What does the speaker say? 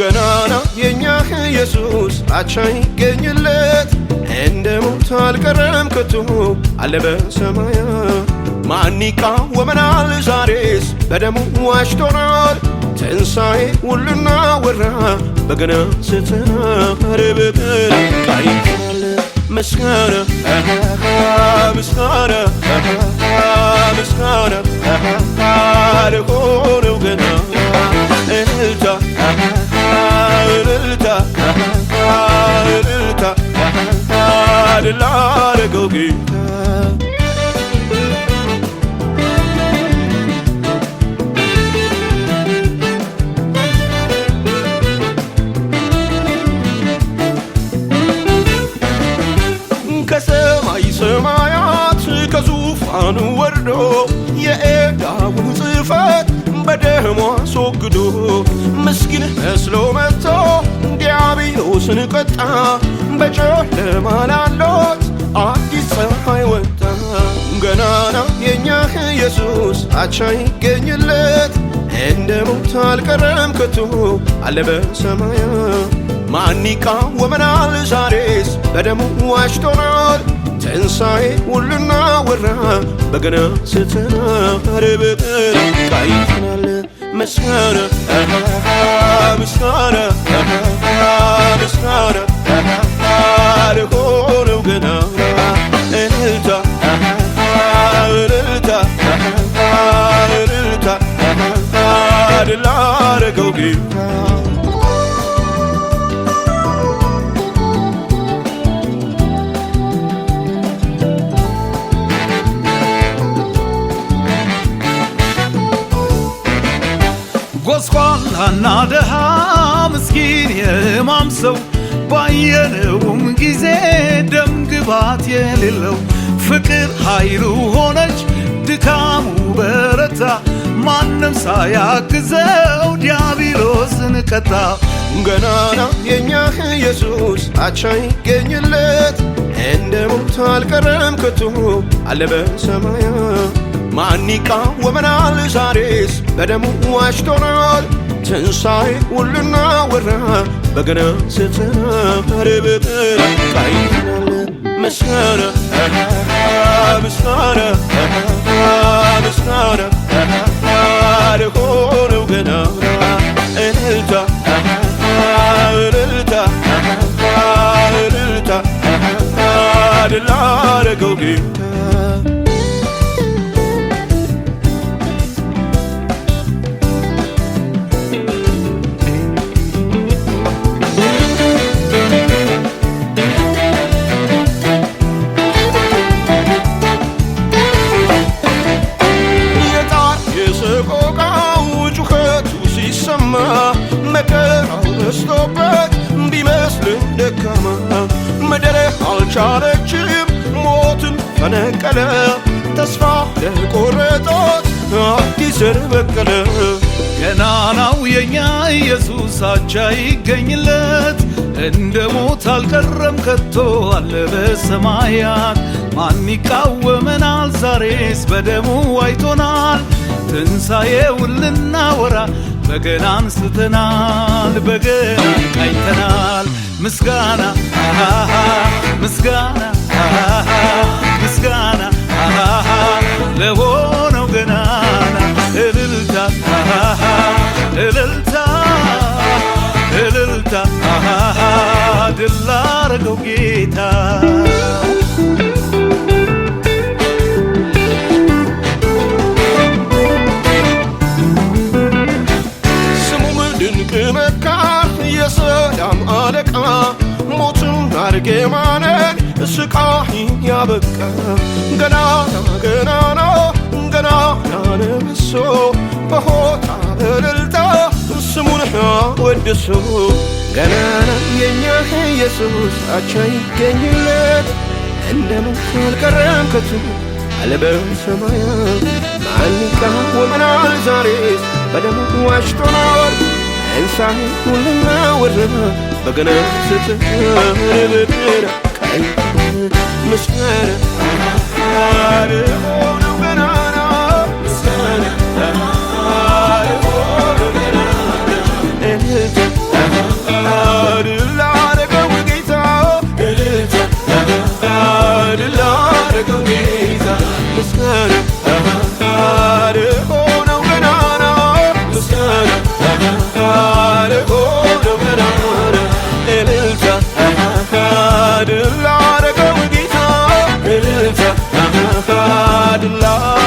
ገናና የእኛ ኢየሱስ አቻ ይገኝለት ሳይሞት አልቀረም ከቶ አለ በሰማያት። ማን ይቃወመናል? ዛሬስ በደሙ ዋጅቶናል። ትንሣኤ ሁሉና ወራ በገና ስትናር ብቅል ቃይካለ ምስጋና ምስጋና ምስጋና ለሆነው ገና እልልታ እልልታ ላረገው ጌታ ከሰማይ ሰማያት ከዙፋኑ ወርዶ የዕዳውን ጽሕፈት በደህሞ አስወግዶ ምስኪን መስሎ መጥቶ ፈውስን ቀጣ በጨለማ ላሉት አዲስ ፀሐይ ወጣ። ገናና የእኛ ኢየሱስ አቻ ይገኝለት እንደ ሞት አልቀረም ከቶ አለ በሰማያ። ማን ይቃወመናል? ዛሬስ በደሙ ዋጅቶናል። ትንሣኤ ሁሉና ወራ በገና ስተና ርብቅር ቃይትናለ ምስጋና ምስጋና ድል አረገው ጌታ ጎስቋላና ደሃ ምስኪን የማም ሰው ባየነውም ጊዜ ደም ግባት የሌለው ፍቅር ኃይሉ ሆነች ድካሙ በረታ ማንም ሳያግዘው ዲያብሎስን ቀጣ። ገናና የእኛ ኢየሱስ አቻ ይገኝለት እንደ ሞት አልቀረም ከቶ አለ በሰማያ ማን ይቃወመናል? ዛሬስ በደሙ ዋጅቶናል። ትንሣኤ ሁሉና ወራ በገና ቃይና ምስጋና ምስጋና ምስጋና ለሆነው ገና እልልታ እልልታ እልልታ ድል አደረገው ጌታ ምድር አልቻለችም ሞትን ፈነቀለ ተስፋ ለቆረጦት አዲስን በቀለ ገናናው የኛ ኢየሱስ አቻ ይገኝለት እንደ ሞት አልቀረም ከቶ አለ በሰማያት ማን ይቃወመናል ዛሬስ በደሙ ዋይቶናል ትንሣኤውን ልናወራ በገና አንስተናል፣ በገና አይተናል። ምስጋና ምስጋና ምስጋና እርግማንን እስቃይ ያበቀ ገናና ገናና ገናና ንብሶ በሆታ በእልልታ ስሙን ያወድሱ ገናና የኛ ኢየሱስ አቻ ይገኝለት እንደምን አልቀረም ከቱ አለበም ሰማያ ማን ይቃወመናል ዛሬ በደሙ ዋጅቶናል ቀንሳይ ሁልና ወረራ በገና ስትርብር ቀይ መስመር አድቦ ድል አረገው ጌታ እልልታ ድል